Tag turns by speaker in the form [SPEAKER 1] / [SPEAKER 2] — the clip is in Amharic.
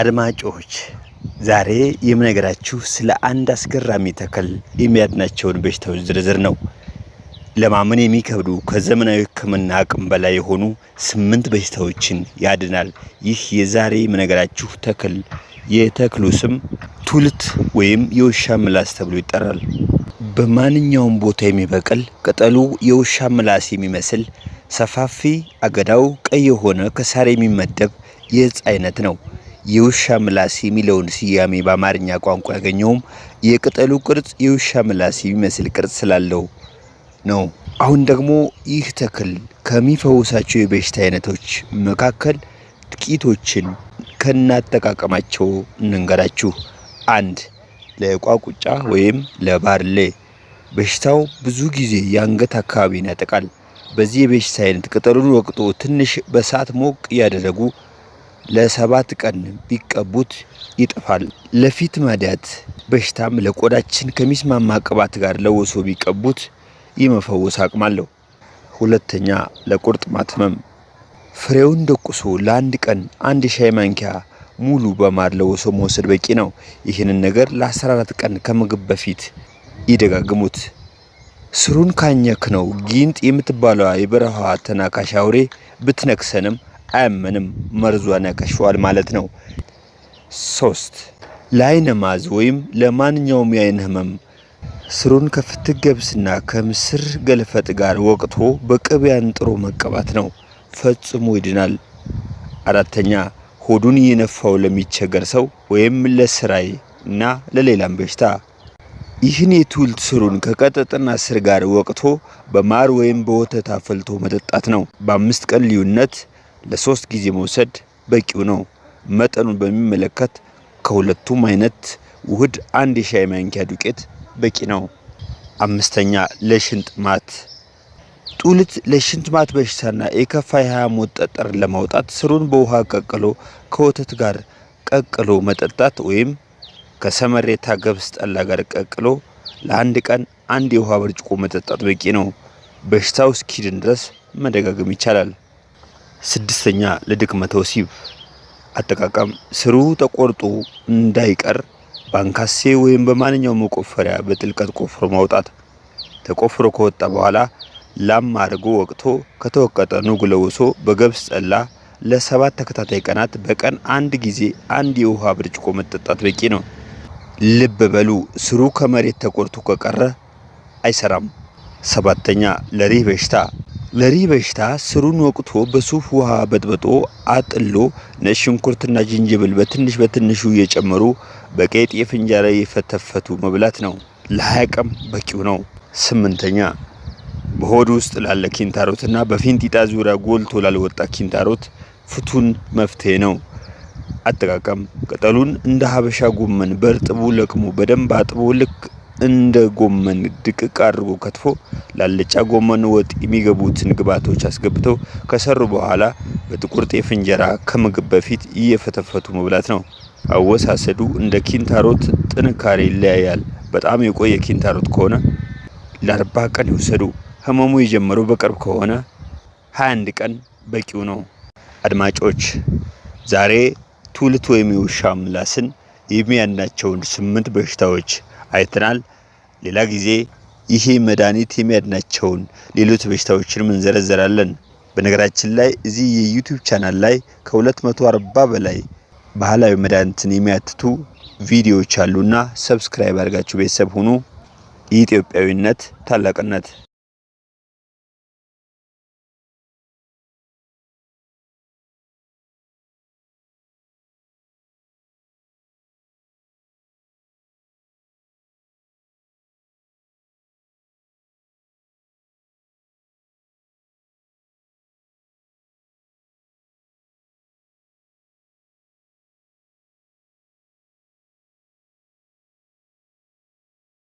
[SPEAKER 1] አድማጮች ዛሬ የምነግራችሁ ስለ አንድ አስገራሚ ተክል የሚያድናቸውን በሽታዎች ዝርዝር ነው። ለማመን የሚከብዱ ከዘመናዊ ሕክምና አቅም በላይ የሆኑ ስምንት በሽታዎችን ያድናል። ይህ የዛሬ የምነግራችሁ ተክል የተክሉ ስም ቱልት ወይም የውሻ ምላስ ተብሎ ይጠራል። በማንኛውም ቦታ የሚበቅል ቅጠሉ የውሻ ምላስ የሚመስል ሰፋፊ አገዳው ቀይ የሆነ ከሳር የሚመደብ የእጽ አይነት ነው። የውሻ ምላስ የሚለውን ስያሜ በአማርኛ ቋንቋ ያገኘውም የቅጠሉ ቅርጽ የውሻ ምላስ የሚመስል ቅርጽ ስላለው ነው። አሁን ደግሞ ይህ ተክል ከሚፈውሳቸው የበሽታ አይነቶች መካከል ጥቂቶችን ከናጠቃቀማቸው እንንገራችሁ። አንድ ለቋቁጫ ወይም ለባርሌ በሽታው ብዙ ጊዜ የአንገት አካባቢን ያጠቃል። በዚህ የበሽታ አይነት ቅጠሉን ወቅጦ ትንሽ በሳት ሞቅ እያደረጉ ለሰባት ቀን ቢቀቡት ይጠፋል። ለፊት ማዲያት በሽታም ለቆዳችን ከሚስማማ ቅባት ጋር ለውሶ ቢቀቡት የመፈወስ አቅም አለው። ሁለተኛ ለቁርጥማት ህመም ፍሬውን ደቁሶ ለአንድ ቀን አንድ ሻይ ማንኪያ ሙሉ በማር ለውሶ መውሰድ በቂ ነው። ይህንን ነገር ለ14 ቀን ከምግብ በፊት ይደጋግሙት። ስሩን ካኘክ ነው ጊንጥ የምትባለዋ የበረሃዋ ተናካሽ አውሬ ብትነክሰንም አያመንም፣ መርዟን ከሽዋል ማለት ነው። ሶስት ለአይነ ማዝ ወይም ለማንኛውም የአይን ህመም ስሩን ከፍትህ ገብስና ከምስር ገልፈጥ ጋር ወቅቶ በቅቤ አንጥሮ መቀባት ነው። ፈጽሞ ይድናል። አራተኛ ሆዱን እየነፋው ለሚቸገር ሰው ወይም ለስራይ እና ለሌላም በሽታ ይህን የትውልት ስሩን ከቀጠጥና ስር ጋር ወቅቶ በማር ወይም በወተት አፈልቶ መጠጣት ነው። በአምስት ቀን ልዩነት ለሶስት ጊዜ መውሰድ በቂው ነው። መጠኑን በሚመለከት ከሁለቱም አይነት ውህድ አንድ የሻይ ማንኪያ ዱቄት በቂ ነው። አምስተኛ ለሽንት ማት ጡልት ለሽንት ማት በሽታና የከፋ የሃሞት ጠጠር ለማውጣት ስሩን በውሃ ቀቅሎ ከወተት ጋር ቀቅሎ መጠጣት ወይም ከሰመሬታ ገብስ ጠላ ጋር ቀቅሎ ለአንድ ቀን አንድ የውሃ ብርጭቆ መጠጣት በቂ ነው። በሽታው እስኪድን ድረስ መደጋገም ይቻላል። ስድስተኛ ለድክመተ ወሲብ አጠቃቀም ስሩ ተቆርጦ እንዳይቀር በአንካሴ ወይም በማንኛውም መቆፈሪያ በጥልቀት ቆፍሮ ማውጣት። ተቆፍሮ ከወጣ በኋላ ላም አድርጎ ወቅቶ ከተወቀጠ ኑግ ለውሶ በገብስ ጠላ ለሰባት ተከታታይ ቀናት በቀን አንድ ጊዜ አንድ የውሃ ብርጭቆ መጠጣት በቂ ነው። ልብ በሉ ስሩ ከመሬት ተቆርቶ ከቀረ አይሰራም። ሰባተኛ ለሪህ በሽታ ለሪህ በሽታ ስሩን ወቅቶ በሱፍ ውሃ በጥበጦ አጥሎ ነጭ ሽንኩርትና ዝንጅብል በትንሽ በትንሹ እየጨመሩ በቀይጥ የፍንጃ ላይ የፈተፈቱ መብላት ነው። ለሀያ ቀን በቂው ነው። ስምንተኛ በሆድ ውስጥ ላለ ኪንታሮትና በፊንጢጣ ዙሪያ ጎልቶ ላልወጣ ኪንታሮት ፍቱን መፍትሄ ነው። አጠቃቀም ቅጠሉን እንደ ሀበሻ ጎመን በእርጥቡ ለቅሞ በደንብ አጥቦ ልክ እንደ ጎመን ድቅቅ አድርጎ ከትፎ ላልጫ ጎመን ወጥ የሚገቡትን ግብዓቶች አስገብተው ከሰሩ በኋላ በጥቁር ጤፍ እንጀራ ከምግብ በፊት እየፈተፈቱ መብላት ነው። አወሳሰዱ እንደ ኪንታሮት ጥንካሬ ይለያያል። በጣም የቆየ ኪንታሮት ከሆነ ለአርባ ቀን ይወሰዱ። ህመሙ የጀመረው በቅርብ ከሆነ 21 ቀን በቂው ነው። አድማጮች ዛሬ ቱልት ወይም የውሻ ምላስን የሚያናቸውን ስምንት በሽታዎች አይተናል። ሌላ ጊዜ ይሄ መድኃኒት የሚያድናቸውን ሌሎች በሽታዎችንም እንዘረዘራለን። በነገራችን ላይ እዚህ የዩቲዩብ ቻናል ላይ ከ240 በላይ ባህላዊ መድኃኒትን የሚያትቱ ቪዲዮዎች አሉና ሰብስክራይብ አድርጋችሁ ቤተሰብ ሁኑ። የኢትዮጵያዊነት ታላቅነት